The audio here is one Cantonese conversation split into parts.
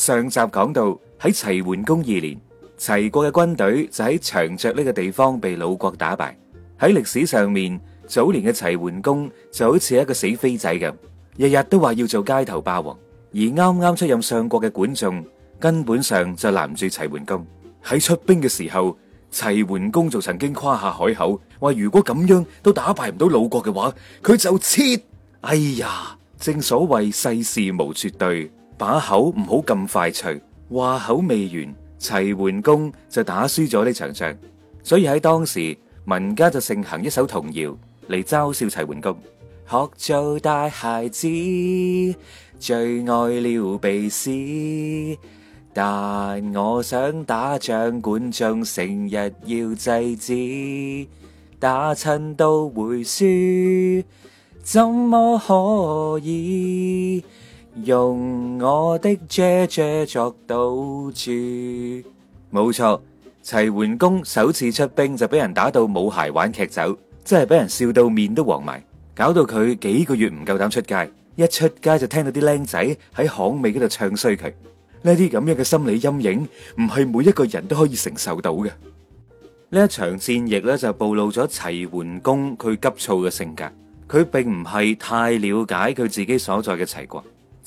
上集講到，喺齊桓公二年，齊國嘅軍隊就喺長勺呢個地方被魯國打敗。喺歷史上面，早年嘅齊桓公就好似一個死飛仔咁，日日都話要做街頭霸王。而啱啱出任相國嘅管仲根本上就攔唔住齊桓公。喺出兵嘅時候，齊桓公就曾經誇下海口，話如果咁樣都打敗唔到魯國嘅話，佢就撤。哎呀，正所謂世事無絕對。把口唔好咁快脆，話口未完，齊桓公就打輸咗呢場仗。所以喺當時，民間就盛行一首童謠嚟嘲笑齊桓公：學做大孩子，最愛撩鼻屎，但我想打仗，管仲成日要制止，打親都會輸，怎麼可以？用我的姐姐作賭注，冇錯。齊桓公首次出兵就俾人打到冇鞋玩劇走，真係俾人笑到面都黃埋，搞到佢幾個月唔夠膽出街。一出街就聽到啲僆仔喺巷尾嗰度唱衰佢。呢啲咁樣嘅心理陰影，唔係每一個人都可以承受到嘅。呢一場戰役咧就暴露咗齊桓公佢急躁嘅性格，佢並唔係太了解佢自己所在嘅齊國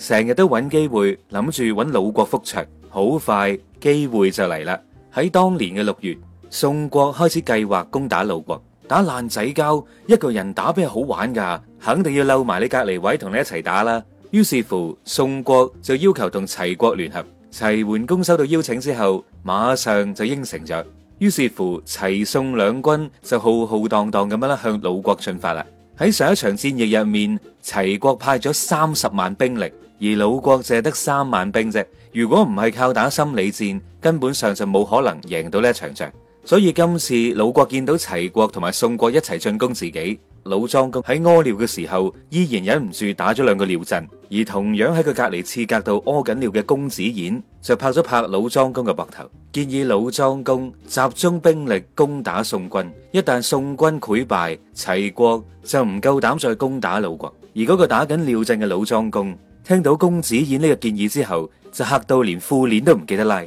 成日都揾機會諗住揾魯國復仇，好快機會就嚟啦！喺當年嘅六月，宋國開始計劃攻打魯國，打爛仔交，一個人打邊係好玩噶，肯定要溜埋你隔籬位同你一齊打啦。於是乎，宋國就要求同齊國聯合。齊桓公收到邀請之後，馬上就應承咗。於是乎，齊宋兩軍就浩浩蕩蕩咁樣啦向魯國進發啦。喺上一場戰役入面，齊國派咗三十萬兵力。而魯國借得三萬兵啫，如果唔係靠打心理戰，根本上就冇可能贏到呢一場仗。所以今次魯國見到齊國同埋宋國一齊進攻自己，魯莊公喺屙尿嘅時候，依然忍唔住打咗兩個尿陣。而同樣喺佢隔離刺隔度屙緊尿嘅公子偃，就拍咗拍魯莊公嘅膊頭，建議魯莊公集中兵力攻打宋軍。一旦宋軍潰敗，齊國就唔夠膽再攻打魯國。而嗰個打緊尿陣嘅魯莊公。聽到公子偃呢個建議之後，就嚇到連褲鏈都唔記得拉，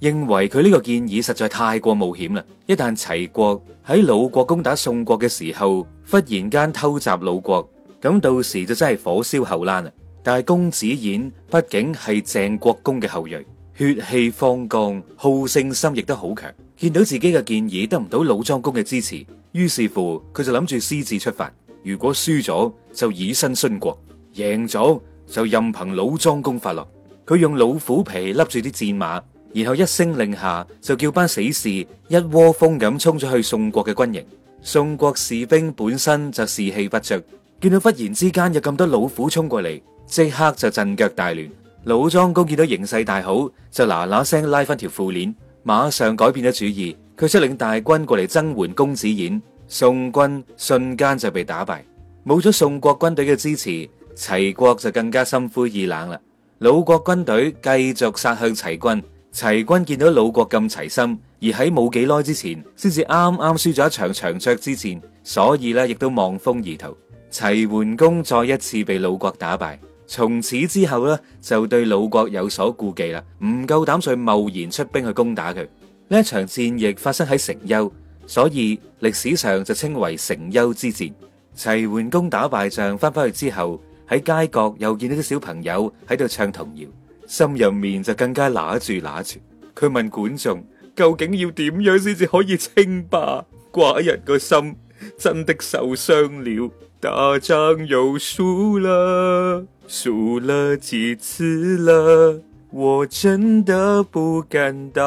認為佢呢個建議實在太過冒險啦。一旦齊國喺魯國攻打宋國嘅時候，忽然間偷襲魯國，咁到時就真係火燒後欄啦。但係公子偃畢竟係鄭國公嘅後裔，血氣方剛，好勝心亦都好強。見到自己嘅建議得唔到魯莊公嘅支持，於是乎佢就諗住私自出發。如果輸咗就以身殉國，贏咗。就任憑老莊公發落，佢用老虎皮笠住啲戰馬，然後一聲令下就叫班死士一窩蜂咁衝咗去宋國嘅軍營。宋國士兵本身就士氣不着，見到忽然之間有咁多老虎衝過嚟，即刻就陣腳大亂。老莊公見到形勢大好，就嗱嗱聲拉翻條褲鏈，馬上改變咗主意，佢率領大軍過嚟增援公子偃，宋軍瞬間就被打敗，冇咗宋國軍隊嘅支持。齊國就更加心灰意冷啦。魯國軍隊繼續殺向齊軍，齊軍見到魯國咁齊心，而喺冇幾耐之前先至啱啱輸咗一場長勺之戰，所以咧亦都望風而逃。齊桓公再一次被魯國打敗，從此之後呢，就對魯國有所顧忌啦，唔夠膽再貿然出兵去攻打佢。呢一場戰役發生喺城丘，所以歷史上就稱為城丘之戰。齊桓公打敗仗翻返去之後，喺街角又見到啲小朋友喺度唱童謠，心入面就更加乸住乸住。佢問管仲，究竟要點樣先至可以稱霸？寡人個心真的受傷了，打仗又輸啦，輸了幾次啦，我真的不敢打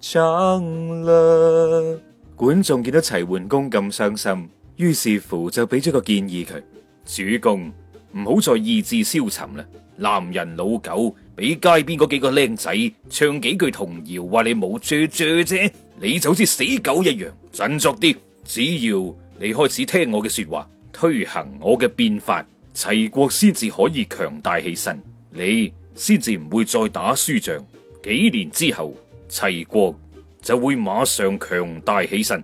仗了。管仲見到齊桓公咁傷心，於是乎就俾咗個建議佢，主公。唔好再意志消沉啦！男人老狗俾街邊嗰幾個僆仔唱幾句童謠，話你冇嚼嚼啫，你就好似死狗一樣。振作啲，只要你開始聽我嘅說話，推行我嘅變法，齊國先至可以強大起身，你先至唔會再打輸仗。幾年之後，齊國就會馬上強大起身。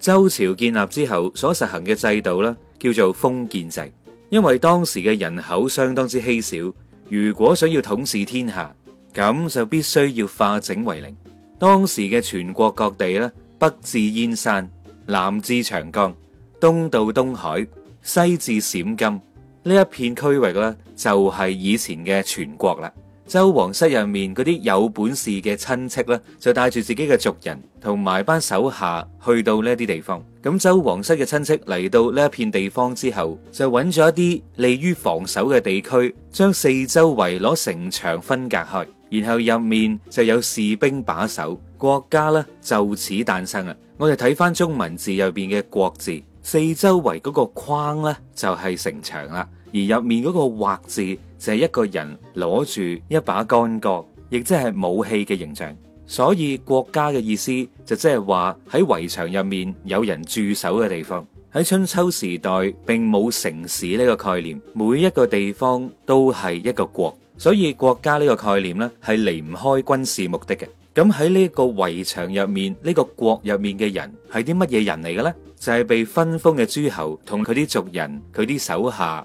周朝建立之後所實行嘅制度啦，叫做封建制。因為當時嘅人口相當之稀少，如果想要統治天下，咁就必須要化整為零。當時嘅全國各地咧，北至燕山，南至長江，東到東海，西至陝甘，呢一片區域咧，就係以前嘅全國啦。周皇室入面嗰啲有本事嘅親戚咧，就帶住自己嘅族人同埋班手下去到呢啲地方。咁周皇室嘅親戚嚟到呢一片地方之後，就揾咗一啲利於防守嘅地區，將四周圍攞城牆分隔開，然後入面就有士兵把守。國家咧就此誕生啦。我哋睇翻中文字入邊嘅國字，四周圍嗰個框呢，就係城牆啦，而入面嗰個畫字。就係一個人攞住一把干戈，亦即係武器嘅形象。所以國家嘅意思就即係話，喺圍牆入面有人駐守嘅地方。喺春秋時代並冇城市呢個概念，每一個地方都係一個國。所以國家呢個概念呢，係離唔開軍事目的嘅。咁喺呢個圍牆入面呢個國入面嘅人係啲乜嘢人嚟嘅呢？就係被分封嘅諸侯同佢啲族人佢啲手下。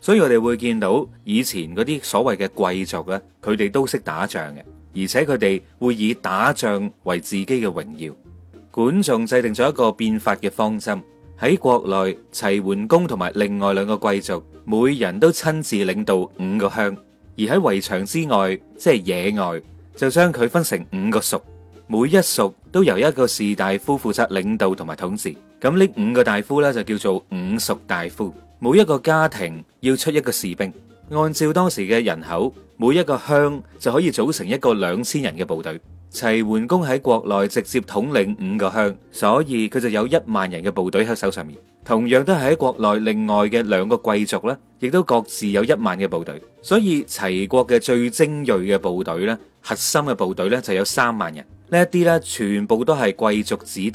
所以我哋會見到以前嗰啲所謂嘅貴族咧，佢哋都識打仗嘅，而且佢哋會以打仗為自己嘅榮耀。管仲制定咗一個變法嘅方針，喺國內，齊桓公同埋另外兩個貴族，每人都親自領導五個鄉；而喺圍牆之外，即係野外，就將佢分成五個屬，每一屬都由一個士大夫負責領導同埋統治。咁呢五個大夫咧，就叫做五屬大夫。每一個家庭要出一個士兵，按照當時嘅人口，每一個鄉就可以組成一個兩千人嘅部隊。齊桓公喺國內直接統領五個鄉，所以佢就有一萬人嘅部隊喺手上面。同樣都係喺國內，另外嘅兩個貴族呢，亦都各自有一萬嘅部隊。所以齊國嘅最精銳嘅部隊呢，核心嘅部隊呢，就有三萬人。呢一啲呢，全部都係貴族子弟。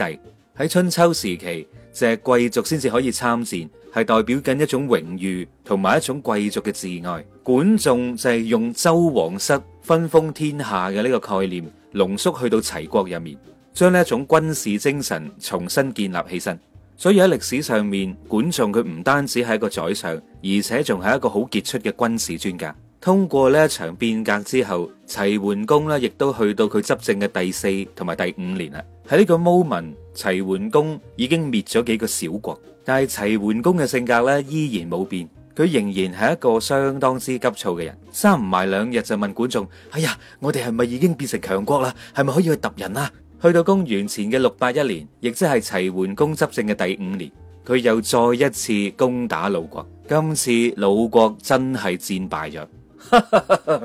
喺春秋時期，就係貴族先至可以參戰。係代表緊一種榮譽同埋一種貴族嘅自愛。管仲就係用周王室分封天下嘅呢個概念，濃縮去到齊國入面，將呢一種軍事精神重新建立起身。所以喺歷史上面，管仲佢唔單止係一個宰相，而且仲係一個好傑出嘅軍事專家。通過呢一場變革之後，齊桓公呢亦都去到佢執政嘅第四同埋第五年啦。喺呢個 moment。齊桓公已經滅咗幾個小國，但係齊桓公嘅性格咧依然冇變，佢仍然係一個相當之急躁嘅人。三唔埋兩日就問管仲：哎呀，我哋係咪已經變成強國啦？係咪可以去揼人啦、啊？去到公元前嘅六八一年，亦即係齊桓公執政嘅第五年，佢又再一次攻打魯國，今次魯國真係戰敗咗。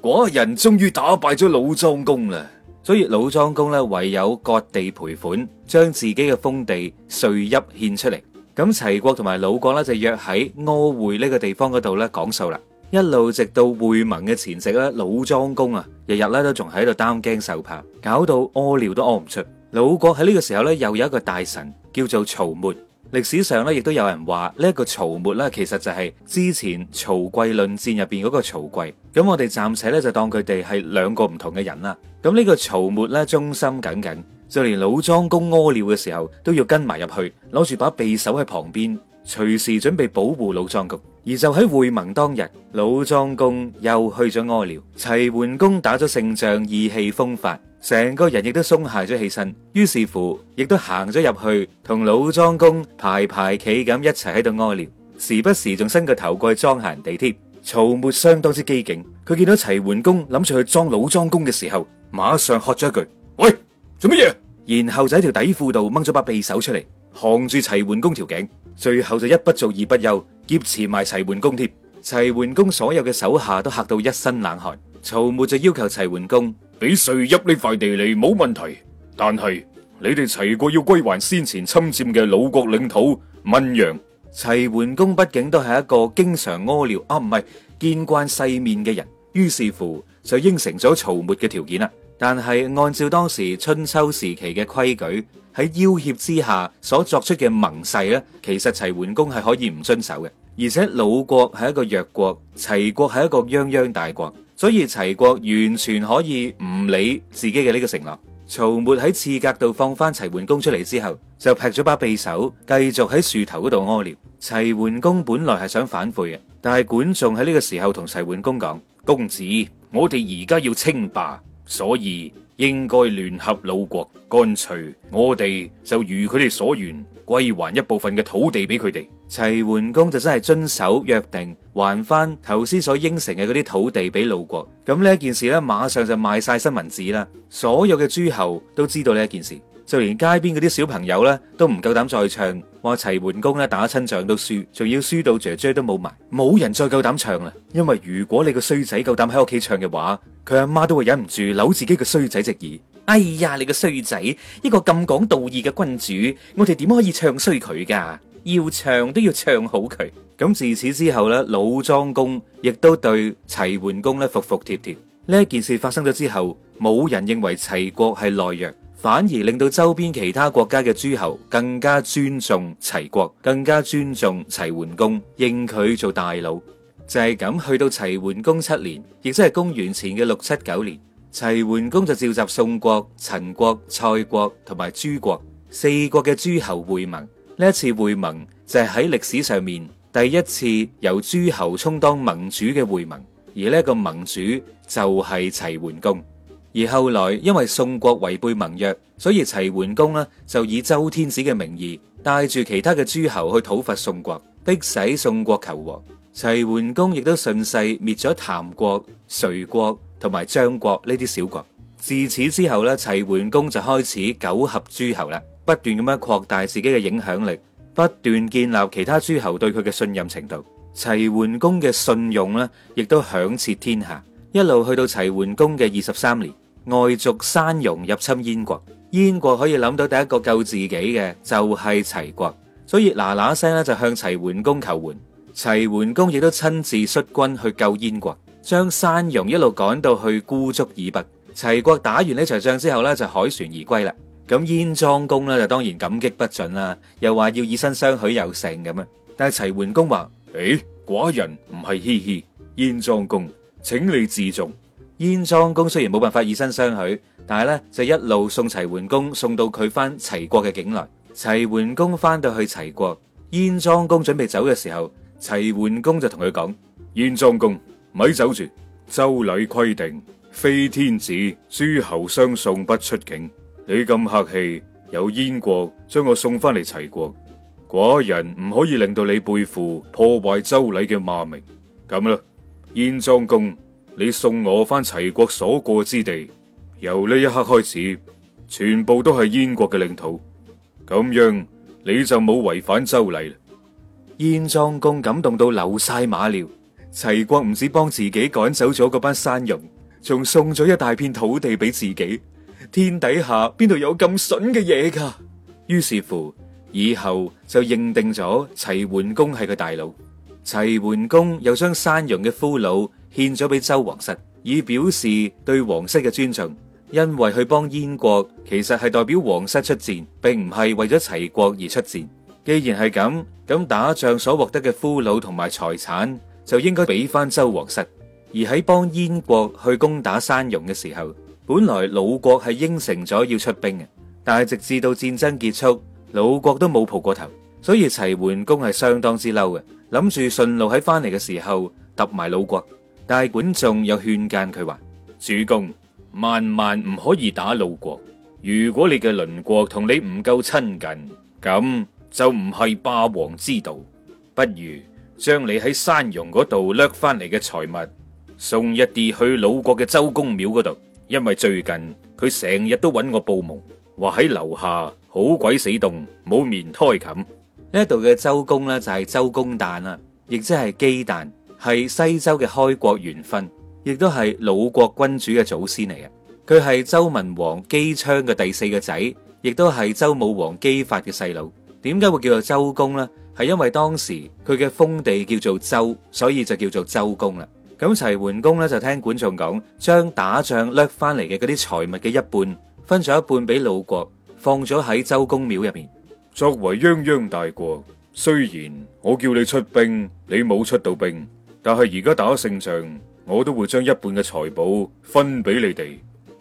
寡 人終於打敗咗魯莊公啦！所以老莊公咧，唯有割地賠款，將自己嘅封地遂邑獻出嚟。咁齊國同埋魯國咧，就約喺柯會呢個地方嗰度咧講數啦。一路直到會盟嘅前夕咧，老莊公啊，日日咧都仲喺度擔驚受怕，搞到屙尿都屙唔出。魯國喺呢個時候咧，又有一個大臣叫做曹沫。歷史上咧，亦都有人話呢一個曹沫啦，其實就係之前曹劌論戰入邊嗰個曹劌。咁我哋暫且咧就當佢哋係兩個唔同嘅人啦。咁呢個曹沫咧、啊，忠心耿耿，就連老莊公屙尿嘅時候都要跟埋入去，攞住把匕首喺旁邊，隨時準備保護老莊公。而就喺會盟當日，老莊公又去咗屙尿，齊桓公打咗勝仗，意氣風發，成個人亦都鬆懈咗起身，於是乎亦都行咗入去，同老莊公排排企咁一齊喺度屙尿，時不時仲伸個頭過去裝行地鐵。曹沫相當之機警。佢見到齊桓公諗住去裝魯莊公嘅時候，馬上喝咗一句：喂，做乜嘢？然後就喺條底褲度掹咗把匕首出嚟，扛住齊桓公條頸，最後就一不做二不休，劫持埋齊桓公。添齊桓公所有嘅手下都嚇到一身冷汗。曹沫就要求齊桓公：俾誰入呢塊地嚟冇問題，但係你哋齊國要歸還先前侵佔嘅魯國領土汶陽。齊桓公畢竟都係一個經常屙尿，啊唔係，見慣世面嘅人，於是乎就應承咗曹沫嘅條件啦。但係按照當時春秋時期嘅規矩，喺要挾之下所作出嘅盟誓咧，其實齊桓公係可以唔遵守嘅。而且魯國係一個弱國，齊國係一個泱泱大國，所以齊國完全可以唔理自己嘅呢個承諾。曹沫喺刺格度放翻齊桓公出嚟之後，就劈咗把匕首，繼續喺樹頭嗰度屙尿。齊桓公本來係想反悔嘅，但係管仲喺呢個時候同齊桓公講：公子，我哋而家要稱霸，所以應該聯合魯國，乾脆，我哋就如佢哋所願。歸還一部分嘅土地俾佢哋，齊桓公就真係遵守約定，還翻頭先所應承嘅嗰啲土地俾魯國。咁呢件事呢，馬上就賣晒新聞紙啦，所有嘅諸侯都知道呢一件事，就連街邊嗰啲小朋友呢都唔夠膽再唱。話齊桓公呢打親仗都輸，仲要輸到姐姐都冇埋，冇人再夠膽唱啦。因為如果你個衰仔夠膽喺屋企唱嘅話，佢阿媽都會忍唔住扭自己個衰仔隻耳。哎呀，你個衰仔！一個咁講道義嘅君主，我哋點可以唱衰佢噶？要唱都要唱好佢。咁自此之後咧，老莊公亦都對齊桓公咧服服帖帖。呢件事發生咗之後，冇人認為齊國係懦弱，反而令到周邊其他國家嘅諸侯更加尊重齊國，更加尊重齊桓公，認佢做大佬。就係咁，去到齊桓公七年，亦即係公元前嘅六七九年。齊桓公就召集宋國、陳國、蔡國同埋邾國四國嘅諸侯會盟。呢一次會盟就係喺歷史上面第一次由諸侯充當盟主嘅會盟，而呢一個盟主就係齊桓公。而後來因為宋國違背盟約，所以齊桓公呢就以周天子嘅名義帶住其他嘅諸侯去討伐宋國，逼使宋國求和。齊桓公亦都順勢滅咗譚國、遂國。同埋張國呢啲小國，自此之後咧，齊桓公就開始九合諸侯啦，不斷咁樣擴大自己嘅影響力，不斷建立其他諸侯對佢嘅信任程度。齊桓公嘅信用呢，亦都響徹天下，一路去到齊桓公嘅二十三年，外族山戎入侵燕國，燕國可以諗到第一個救自己嘅就係齊國，所以嗱嗱聲咧就向齊桓公求援，齊桓公亦都親自率軍去救燕國。將山戎一路趕到去孤足孤竹以北，齊國打完呢場仗之後咧，就凱旋而歸啦。咁燕莊公呢，就當然感激不盡啦，又話要以身相許有剩咁啊。但係齊桓公話：誒、欸，寡人唔係嘻嘻，燕莊公，請你自重。燕莊公雖然冇辦法以身相許，但係咧就一路送齊桓公送到佢翻齊國嘅境內。齊桓公翻到去齊國，燕莊公準備走嘅時候，齊桓公就同佢講：燕莊公。咪走住！周禮規定，非天子諸侯相送不出境。你咁客氣，由燕國將我送翻嚟齊國，寡人唔可以令到你背負破壞周禮嘅罵名。咁啦，燕莊公，你送我翻齊國所過之地，由呢一刻開始，全部都係燕國嘅領土。咁樣你就冇違反周禮啦。燕莊公感動到流晒馬尿。齊國唔止幫自己趕走咗嗰班山戎，仲送咗一大片土地俾自己。天底下邊度有咁筍嘅嘢？噶於是乎，以後就認定咗齊桓公係佢大佬。齊桓公又將山戎嘅俘虜獻咗俾周王室，以表示對王室嘅尊重。因為佢幫燕國，其實係代表王室出戰，並唔係為咗齊國而出戰。既然係咁，咁打仗所獲得嘅俘虜同埋財產，就應該俾翻周王室，而喺幫燕國去攻打山戎嘅時候，本來魯國係應承咗要出兵嘅，但係直至到戰爭結束，魯國都冇蒲過頭，所以齊桓公係相當之嬲嘅，諗住順路喺翻嚟嘅時候揼埋魯國。但係管仲又勸諫佢話：主公萬萬唔可以打魯國，如果你嘅鄰國同你唔夠親近，咁就唔係霸王之道，不如。將你喺山戎嗰度掠翻嚟嘅財物送一啲去魯國嘅周公廟嗰度，因為最近佢成日都搵我報夢，話喺樓下好鬼死凍，冇棉胎冚。呢一度嘅周公呢就係周公旦啦，亦即係姬旦，係西周嘅開國元勳，亦都係魯國君主嘅祖先嚟嘅。佢係周文王姬昌嘅第四個仔，亦都係周武王姬發嘅細佬。點解會叫做周公呢？係因為當時佢嘅封地叫做周，所以就叫做周公啦。咁齊桓公咧就聽管仲講，將打仗掠翻嚟嘅嗰啲財物嘅一半，分咗一半俾魯國，放咗喺周公廟入面。作為泱泱大國，雖然我叫你出兵，你冇出到兵，但係而家打勝仗，我都會將一半嘅財寶分俾你哋，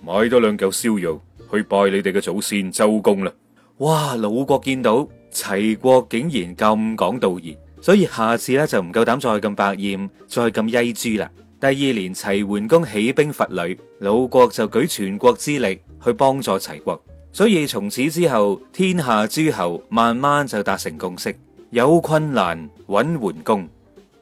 買多兩嚿燒肉去拜你哋嘅祖先周公啦。哇！魯國見到。齊國竟然咁講道義，所以下次咧就唔夠膽再咁百厭，再咁曳豬啦。第二年，齊桓公起兵伐呂魯國，就舉全國之力去幫助齊國。所以從此之後，天下諸侯慢慢就達成共識，有困難揾桓公。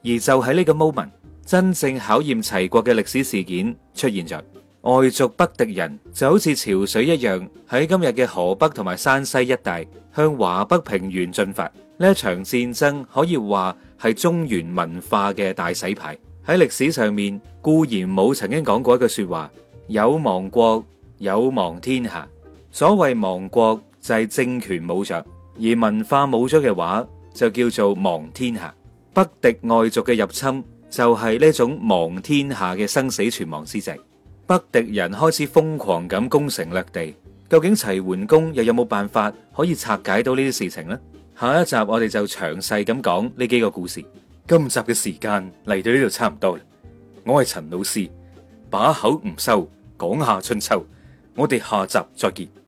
而就喺呢個 moment，真正考驗齊國嘅歷史事件出現咗。外族北狄人就好似潮水一樣，喺今日嘅河北同埋山西一帶，向華北平原進發。呢一場戰爭可以話係中原文化嘅大洗牌。喺歷史上面，顧炎武曾經講過一句說話：有亡國，有亡天下。所謂亡國就係政權冇咗，而文化冇咗嘅話就叫做亡天下。北狄外族嘅入侵就係呢種亡天下嘅生死存亡之際。北狄人開始瘋狂咁攻城掠地，究竟齊桓公又有冇辦法可以拆解到呢啲事情呢？下一集我哋就詳細咁講呢幾個故事。今集嘅時間嚟到呢度差唔多啦，我係陳老師，把口唔收，講下春秋，我哋下集再見。